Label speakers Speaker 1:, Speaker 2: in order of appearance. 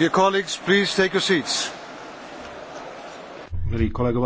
Speaker 1: Dear colleagues, please take your seats. Milí kolegové,